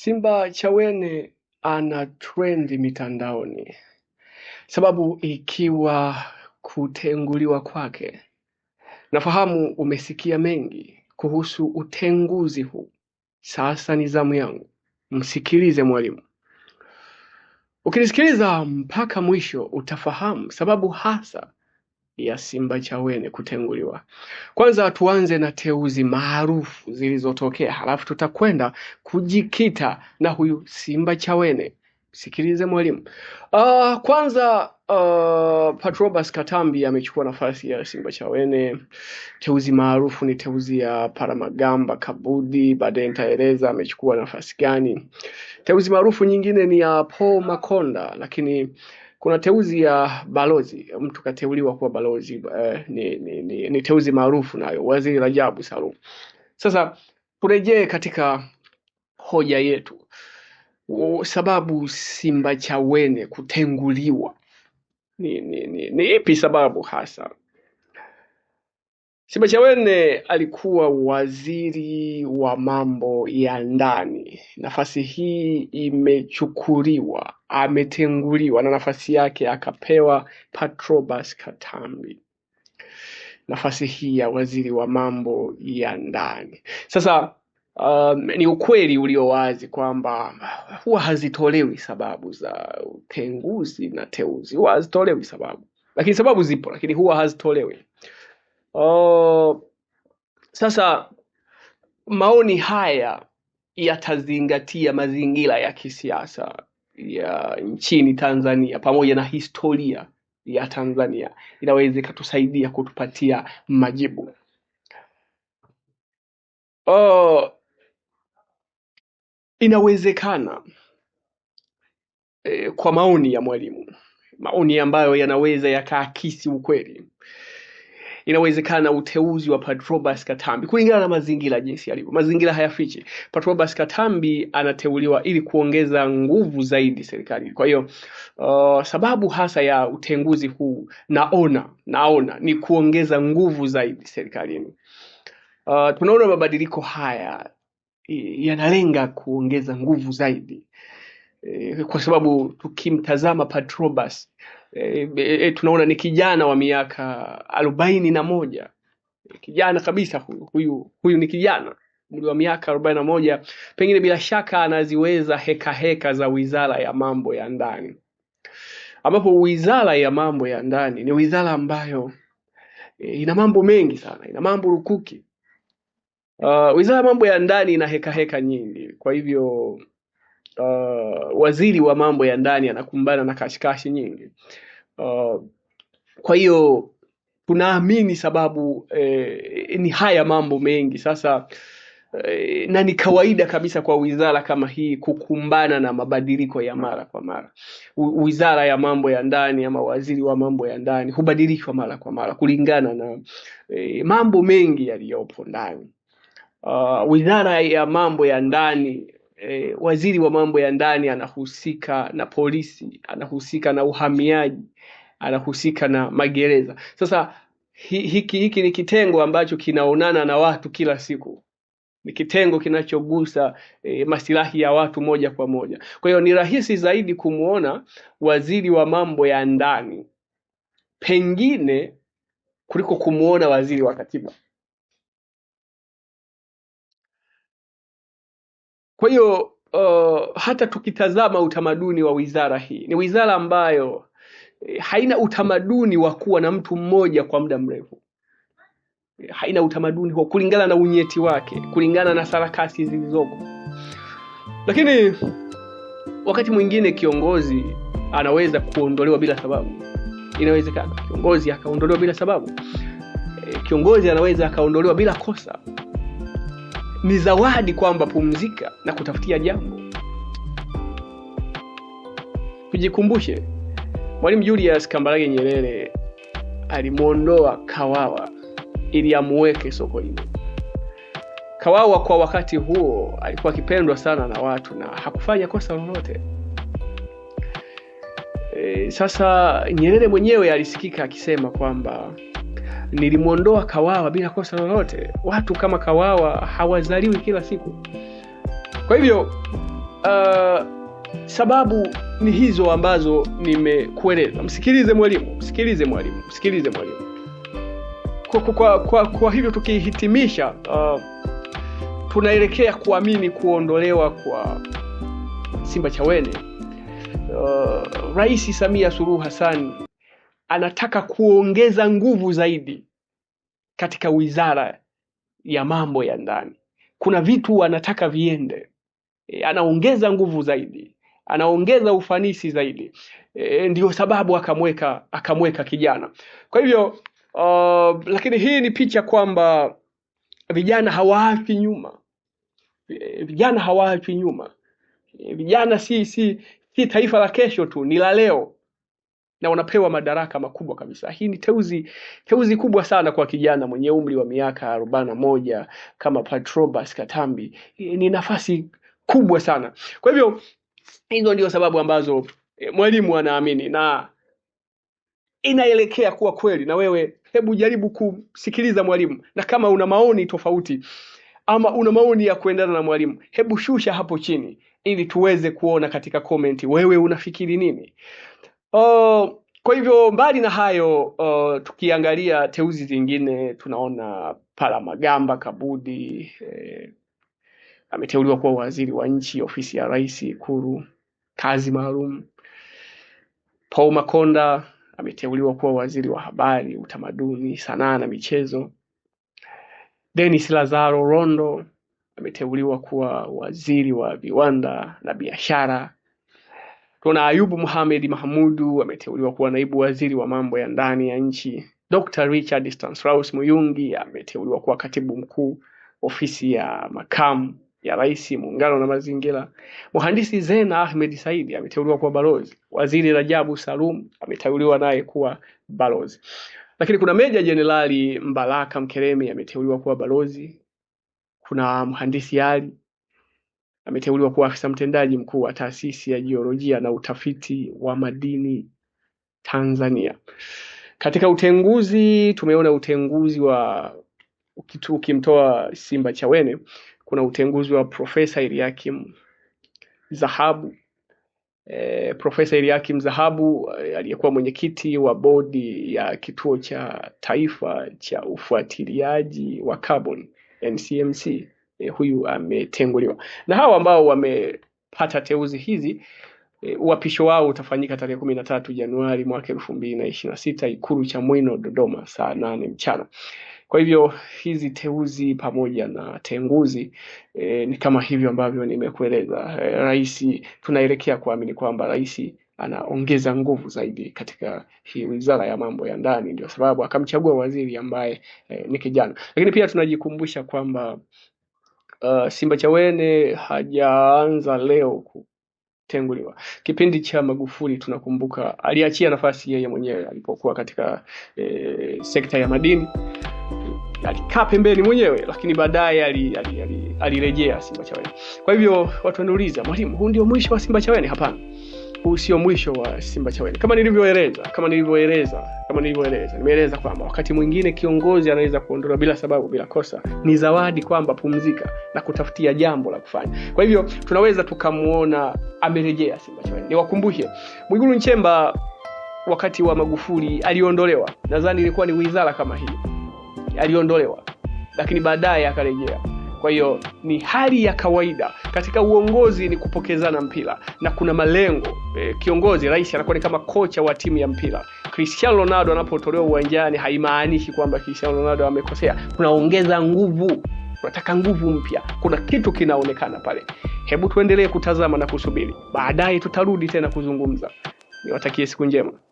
Simba Chawene ana trendi mitandaoni, sababu ikiwa kutenguliwa kwake. Nafahamu umesikia mengi kuhusu utenguzi huu, sasa ni zamu yangu. Msikilize mwalimu. Ukinisikiliza mpaka mwisho, utafahamu sababu hasa ya Simba Chawene kutenguliwa. Kwanza tuanze na teuzi maarufu zilizotokea, halafu tutakwenda kujikita na huyu Simba Chawene. Sikilize mwalimu. Uh, kwanza uh, Patrobas Katambi amechukua nafasi ya Simba Chawene. Teuzi maarufu ni teuzi ya Paramagamba Kabudi, baadaye nitaeleza amechukua nafasi gani. Teuzi maarufu nyingine ni ya Paul Makonda, lakini kuna teuzi ya balozi, mtu kateuliwa kuwa balozi eh, ni, ni, ni, ni teuzi maarufu nayo, Waziri Rajabu Salum. Sasa turejee katika hoja yetu, o, sababu Simbachawene kutenguliwa ni, ni, ni, ni ipi sababu hasa? Simbachawene alikuwa Waziri wa Mambo ya Ndani nafasi hii imechukuliwa ametenguliwa na nafasi yake akapewa Patrobas Katambi nafasi hii ya Waziri wa Mambo ya Ndani. Sasa um, ni ukweli ulio wazi kwamba huwa hazitolewi sababu za utenguzi na teuzi, huwa hazitolewi sababu, lakini sababu zipo, lakini huwa hazitolewi. Oh, sasa maoni haya yatazingatia mazingira ya kisiasa ya nchini Tanzania pamoja na historia ya Tanzania, inaweza ikatusaidia kutupatia majibu. Oh, inawezekana e, kwa maoni ya Mwalimu, maoni ambayo yanaweza yakaakisi ukweli inawezekana na uteuzi wa Patrobas Katambi kulingana na mazingira jinsi yalivyo. Mazingira hayafichi. Patrobas Katambi anateuliwa ili kuongeza nguvu zaidi serikalini. Kwa hiyo uh, sababu hasa ya utenguzi huu naona naona ni kuongeza nguvu zaidi serikalini. Uh, tunaona mabadiliko haya e, yanalenga kuongeza nguvu zaidi e, kwa sababu tukimtazama Patrobas e, e, tunaona ni kijana wa miaka arobaini na moja eh, kijana kabisa huyu huyu, huyu ni kijana umri wa miaka arobaini na moja pengine bila shaka anaziweza heka heka za wizara ya mambo ya ndani ambapo wizara ya mambo ya ndani ni wizara ambayo e, ina mambo mengi sana ina mambo rukuki uh, wizara ya mambo ya ndani ina heka heka nyingi kwa hivyo uh, waziri wa mambo ya ndani anakumbana na kashikashi nyingi uh, kwa hiyo tunaamini sababu eh, ni haya mambo mengi sasa eh, na ni kawaida kabisa kwa wizara kama hii kukumbana na mabadiliko ya mara kwa mara. U, wizara ya mambo ya ndani ama waziri wa mambo ya ndani hubadilishwa mara kwa mara kulingana na eh, mambo mengi yaliyopo ndani. Uh, wizara ya mambo ya ndani eh, waziri wa mambo ya ndani anahusika na polisi, anahusika na uhamiaji, anahusika na magereza. Sasa hiki hiki ni kitengo ambacho kinaonana na watu kila siku, ni kitengo kinachogusa eh, masilahi ya watu moja kwa moja. Kwa hiyo ni rahisi zaidi kumwona waziri wa mambo ya ndani pengine kuliko kumwona waziri wa katiba. Kwa hiyo uh, hata tukitazama utamaduni wa wizara hii, ni wizara ambayo eh, haina utamaduni wa kuwa na mtu mmoja kwa muda mrefu, haina utamaduni huo kulingana na unyeti wake, kulingana na sarakasi zilizoko. Lakini wakati mwingine kiongozi anaweza kuondolewa bila sababu, inawezekana kiongozi akaondolewa bila sababu. Eh, kiongozi anaweza akaondolewa bila kosa ni zawadi kwamba pumzika na kutafutia jambo. Tujikumbushe, Mwalimu Julius Kambarage Nyerere alimwondoa Kawawa ili amuweke Sokoine. Kawawa kwa wakati huo alikuwa akipendwa sana na watu na hakufanya kosa lolote. E, sasa Nyerere mwenyewe alisikika akisema kwamba nilimwondoa Kawawa bila kosa lolote. Watu kama Kawawa hawazaliwi kila siku. Kwa hivyo uh, sababu ni hizo ambazo nimekueleza. Msikilize mwalimu, msikilize mwalimu, msikilize mwalimu. Kwa, kwa, kwa, kwa hivyo tukihitimisha, uh, tunaelekea kuamini kuondolewa kwa Simbachawene. Uh, Rais Samia Suluhu hasani anataka kuongeza nguvu zaidi katika wizara ya mambo ya ndani. Kuna vitu anataka viende, e, anaongeza nguvu zaidi, anaongeza ufanisi zaidi. E, ndiyo sababu akamweka akamweka kijana. Kwa hivyo uh, lakini hii ni picha kwamba vijana hawaachwi nyuma, e, vijana hawaachwi nyuma. E, vijana si si si taifa la kesho tu, ni la leo na wanapewa madaraka makubwa kabisa. Hii ni teuzi teuzi kubwa sana kwa kijana mwenye umri wa miaka arobaini na moja kama Patrobas Katambi. Ni nafasi kubwa sana. Kwa hivyo hizo ndio sababu ambazo e, Mwalimu anaamini na inaelekea kuwa kweli. Na wewe hebu jaribu kusikiliza Mwalimu, na kama una maoni tofauti ama una maoni ya kuendana na Mwalimu, hebu shusha hapo chini ili tuweze kuona katika komenti wewe unafikiri nini. Uh, kwa hivyo mbali na hayo uh, tukiangalia teuzi zingine tunaona Pala Magamba Kabudi eh, ameteuliwa kuwa waziri wa nchi ofisi ya Rais kuru kazi maalum. Paul Makonda ameteuliwa kuwa waziri wa habari, utamaduni, sanaa na michezo. Dennis Lazaro Rondo ameteuliwa kuwa waziri wa viwanda na biashara. Tuna Ayubu Mohamed Mahmudu ameteuliwa kuwa naibu waziri wa mambo ya ndani ya nchi. Dr. Richard Stanislaus Muyungi ameteuliwa kuwa katibu mkuu ofisi ya makamu ya rais muungano na mazingira. Mhandisi Zena Ahmed Saidi ameteuliwa kuwa balozi. Waziri Rajabu Salum ameteuliwa naye kuwa balozi. Lakini kuna Meja Jenerali Mbaraka Mkeremi ameteuliwa kuwa balozi. Kuna mhandisi Ali ameteuliwa kuwa afisa mtendaji mkuu wa Taasisi ya Jiolojia na Utafiti wa Madini Tanzania. Katika utenguzi tumeona utenguzi wa ukimtoa Simba Chawene, kuna utenguzi wa Profesa Iliakim Zahabu e, Profesa Iliakim Zahabu eh, aliyekuwa mwenyekiti wa bodi ya kituo cha taifa cha ufuatiliaji wa carbon NCMC e, huyu ametenguliwa. Na hawa ambao wamepata teuzi hizi e, uapisho wao utafanyika tarehe kumi na tatu Januari mwaka elfu mbili na ishirini na sita Ikulu Chamwino, Dodoma, saa nane mchana. Kwa hivyo hizi teuzi pamoja na tenguzi e, ni kama hivyo ambavyo nimekueleza. E, rais tunaelekea kuamini kwamba rais anaongeza nguvu zaidi katika hii wizara ya mambo ya ndani, ndio sababu akamchagua waziri ambaye e, ni kijana. Lakini pia tunajikumbusha kwamba uh, Simba Chawene hajaanza leo kutenguliwa. Kipindi cha Magufuli tunakumbuka aliachia nafasi yeye mwenyewe alipokuwa katika eh, sekta ya madini alikaa pembeni mwenyewe, lakini baadaye alirejea ali, ali, ali Simba Chawene. Kwa hivyo watu wanauliza, mwalimu, huu ndio mwisho wa Simba Chawene? Hapana huu sio mwisho wa Simba Chawene, kama nilivyoeleza kama nilivyoeleza kama nilivyoeleza, nimeeleza kwamba wakati mwingine kiongozi anaweza kuondolewa bila sababu, bila kosa. Ni zawadi kwamba pumzika na kutafutia jambo la kufanya. Kwa hivyo tunaweza tukamwona amerejea Simba Chawene. Niwakumbushe, Mwigulu Nchemba wakati wa Magufuli aliondolewa, nadhani ilikuwa ni wizara kama hii, aliondolewa lakini baadaye akarejea. Kwa hiyo ni hali ya kawaida katika uongozi, ni kupokezana mpira na kuna malengo e, kiongozi rais anakuwa ni kama kocha wa timu ya mpira. Cristiano Ronaldo anapotolewa uwanjani haimaanishi kwamba Cristiano Ronaldo amekosea, kunaongeza nguvu unataka nguvu mpya, kuna kitu kinaonekana pale. Hebu tuendelee kutazama na kusubiri, baadaye tutarudi tena kuzungumza. Niwatakie siku njema.